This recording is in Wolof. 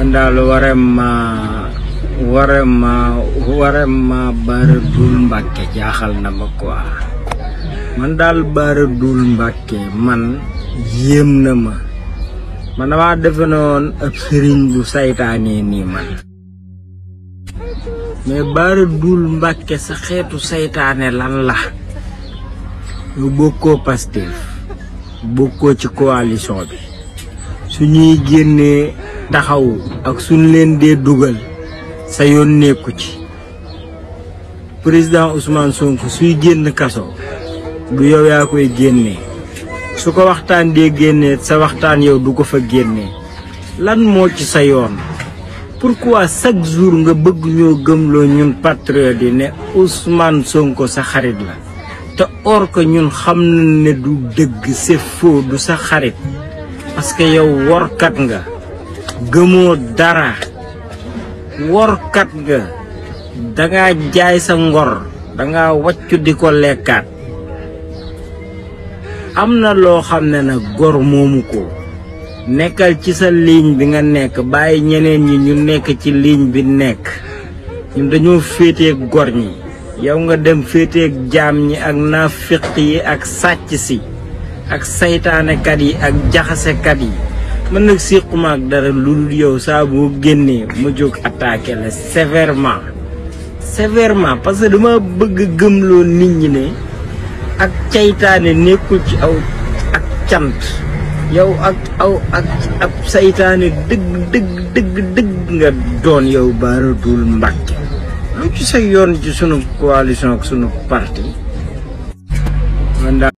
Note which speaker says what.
Speaker 1: man daal vraiment vraiment vraiment Bara Dool Mbacke jaaxal na ma quoi man daal Bara Dool Mbacke man yéem na ma man damaa defe noon ab sëriñ bu saytaane nii man mais Bara Dool Mbacke sa xeetu saytaane lan la yu bokkoo Pastef ci coalition bi su ñuy taxawu ak suñ leen dee dugal sa yoon nekku ci président Ousmane Sonko suy génn kaso du yow yaa koy génnee su ko waxtaan dee génnee sa waxtaan yow du ko fa lan moo ci sa yoon pourquoi chaque jour nga bëgg ñoo gëmloo ñun patriote yi ne Ousmane Sonko sa xarit la te or que ñun xam nañ ne du dëgg c'est faux du sa xarit parce que yow nga gëmoo dara workat nga dangaa jaay sa ngor danga wàccu di ko lekkaat am na loo xam ne na gor moomu ko nekkal ci sa ligne bi nga nekk bàyyi ñeneen ñi ñu nekk ci liiñ bi nekk ñun dañoo féeteeg gor ñi yow nga dem féete jaam ñi ak naafiq yi ak sàcc si ak saytaanekat yi ak jaxasekat yi man nag siquma ak dara lu dul yow saa boo génnee ma jóg attaqué la sévèrement sévèrement parce que dama bëgg gëmloo nit ñi ne ak seytaane nekkul ci aw ak cant yow ak aw ak ab saytaane dëgg dëgg dëgg dëgg nga doon yow baaratul mbàkke lu ci sa yoon ci sunu coalition ak sunu parti